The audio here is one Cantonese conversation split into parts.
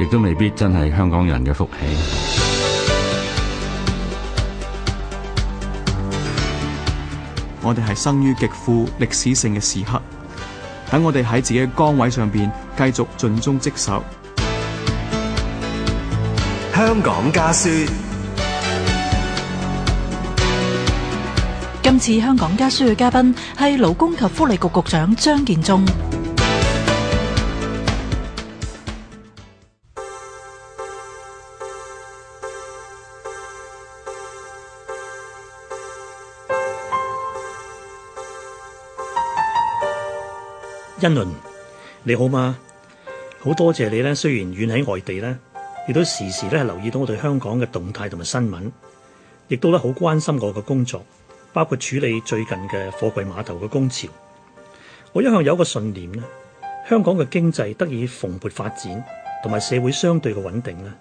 亦都未必真係香港人嘅福氣。我哋係生於極富歷史性嘅時刻，等我哋喺自己嘅崗位上面繼續盡忠職守。香港家書。今次香港家書嘅嘉賓係勞工及福利局局長張建宗。恩倫，你好嗎？好多謝你咧，雖然遠喺外地咧，亦都時時咧留意到我對香港嘅動態同埋新聞，亦都咧好關心我嘅工作，包括處理最近嘅貨櫃碼頭嘅工潮。我一向有一個信念咧，香港嘅經濟得以蓬勃發展，同埋社會相對嘅穩定咧，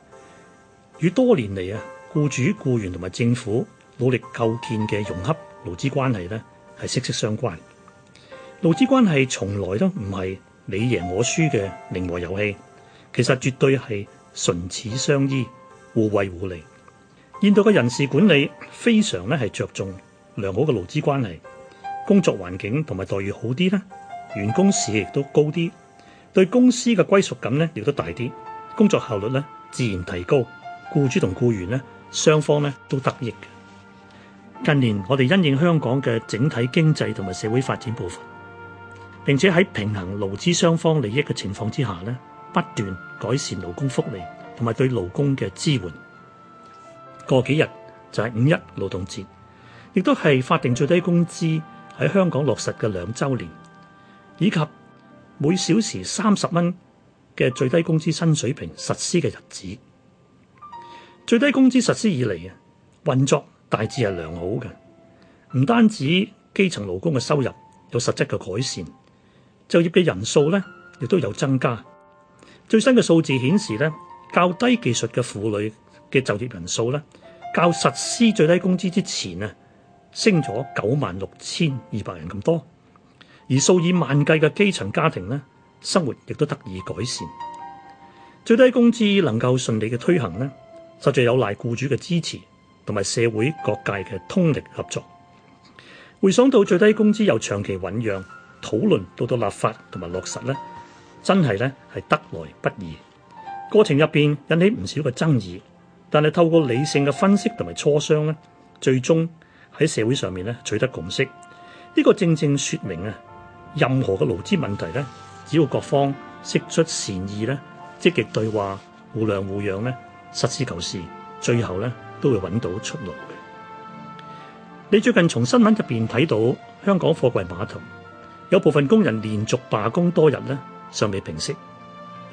與多年嚟，啊僱主、僱員同埋政府努力構建嘅融洽勞資關係咧，係息息相關。勞資關係從來都唔係你贏我輸嘅零和遊戲，其實絕對係唇齒相依、互惠互利。現代嘅人事管理非常咧係着重良好嘅勞資關係，工作環境同埋待遇好啲咧，員工士氣都高啲，對公司嘅歸屬感呢亦都大啲，工作效率呢自然提高，雇主同僱員呢雙方呢都得益。近年我哋因應香港嘅整體經濟同埋社會發展步伐，並且喺平衡勞資雙方利益嘅情況之下呢，不斷改善勞工福利同埋對勞工嘅支援。過幾日就係五一勞動節，亦都係法定最低工資喺香港落實嘅兩週年，以及每小時三十蚊嘅最低工資新水平實施嘅日子。最低工資實施以嚟啊，運作大致係良好嘅，唔單止基層勞工嘅收入有實質嘅改善，就業嘅人數咧，亦都有增加。最新嘅數字顯示咧，較低技術嘅婦女嘅就業人數咧，較實施最低工資之前啊，升咗九萬六千二百人咁多。而數以萬計嘅基層家庭咧，生活亦都得以改善。最低工資能夠順利嘅推行咧，實在有賴僱主嘅支持同埋社會各界嘅通力合作。回想到最低工資又長期醞釀。討論到到立法同埋落實咧，真係咧係得來不易。過程入邊引起唔少嘅爭議，但係透過理性嘅分析同埋磋商咧，最終喺社會上面咧取得共識。呢個正正說明啊，任何嘅勞資問題咧，只要各方釋出善意咧，積極對話、互諒互讓咧，實事求是，最後咧都會搵到出路嘅。你最近從新聞入邊睇到香港貨櫃碼頭。有部分工人連續罷工多日咧，尚未平息，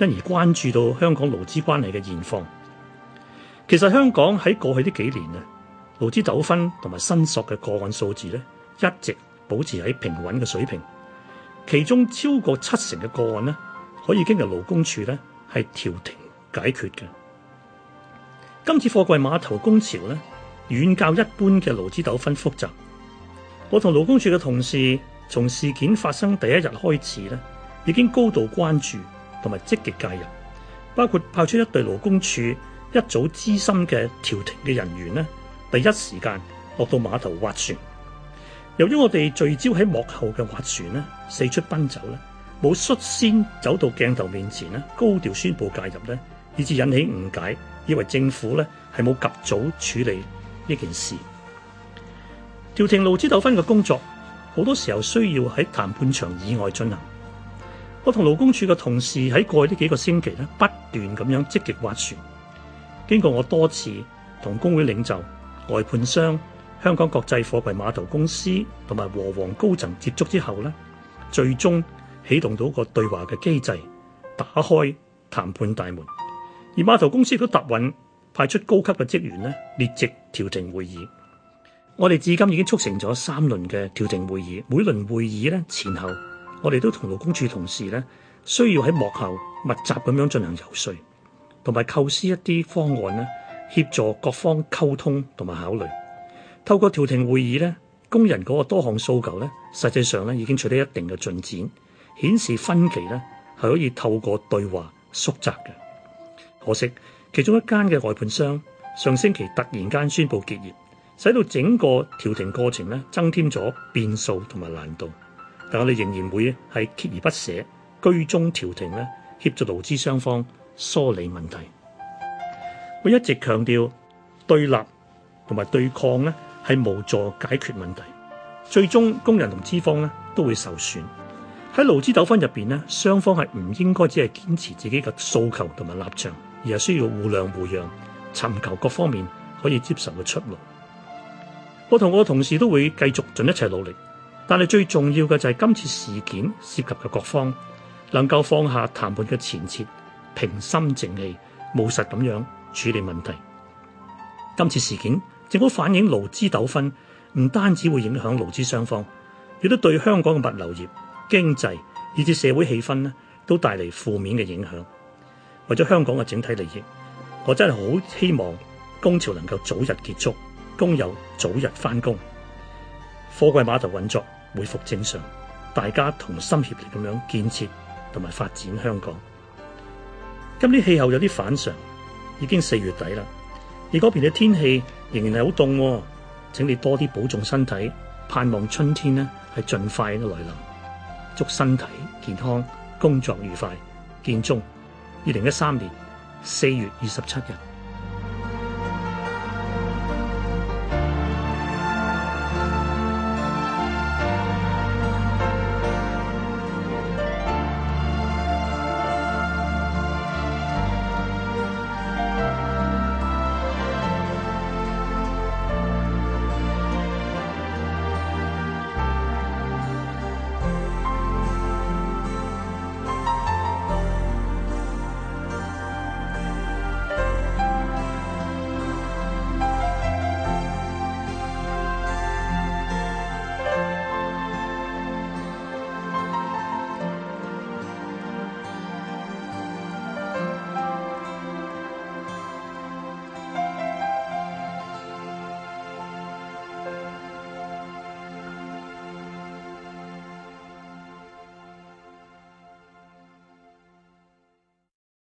因而關注到香港勞資關係嘅現況。其實香港喺過去呢幾年啊，勞資糾紛同埋申索嘅個案數字一直保持喺平穩嘅水平。其中超過七成嘅個案可以經由勞工處係係調停解決嘅。今次貨櫃碼頭工潮呢，遠較一般嘅勞資糾紛複雜。我同勞工處嘅同事。從事件發生第一日開始呢，已經高度關注同埋積極介入，包括派出一隊勞工處一組資深嘅調停嘅人員呢，第一時間落到碼頭斡旋。由於我哋聚焦喺幕後嘅斡旋呢，四出奔走呢，冇率先走到鏡頭面前高調宣布介入呢，以致引起誤解，以為政府呢係冇及早處理呢件事。調停勞資糾紛嘅工作。好多時候需要喺談判場以外進行。我同勞工處嘅同事喺過去呢幾個星期呢，不斷咁樣積極斡旋。經過我多次同工會領袖、外判商、香港國際貨櫃碼頭公司同埋和黃高層接觸之後呢，最終啟動到個對話嘅機制，打開談判大門。而碼頭公司都答允派出高級嘅職員呢，列席調停會議。我哋至今已經促成咗三輪嘅調停會議，每輪會議呢，前後，我哋都同勞工處同事呢需要喺幕後密集咁樣進行游說，同埋構思一啲方案呢協助各方溝通同埋考慮。透過調停會議呢，工人嗰個多項訴求呢實際上呢已經取得一定嘅進展，顯示分歧呢係可以透過對話縮窄嘅。可惜其中一間嘅外判商上星期突然間宣布結業。使到整個調停過程咧，增添咗變數同埋難度。但係我哋仍然會係鍥而不捨，居中調停咧，協助勞資雙方梳理問題。我一直強調對立同埋對抗咧，係無助解決問題，最終工人同資方咧都會受損。喺勞資糾紛入邊咧，雙方係唔應該只係堅持自己嘅訴求同埋立場，而係需要互諒互讓，尋求各方面可以接受嘅出路。我同我嘅同事都會繼續盡一切努力，但係最重要嘅就係今次事件涉及嘅各方能夠放下談判嘅前設，平心靜氣務實咁樣處理問題。今次事件正好反映勞資糾紛唔單止會影響勞資雙方，亦都對香港嘅物流業、經濟以至社會氣氛都帶嚟負面嘅影響。為咗香港嘅整體利益，我真係好希望工潮能夠早日結束。工友早日翻工，貨櫃碼頭運作回復正常，大家同心協力咁樣建設同埋發展香港。今年氣候有啲反常，已經四月底啦，你嗰邊嘅天氣仍然係好凍喎，請你多啲保重身體，盼望春天呢係盡快嘅來臨。祝身體健康，工作愉快，建宗。二零一三年四月二十七日。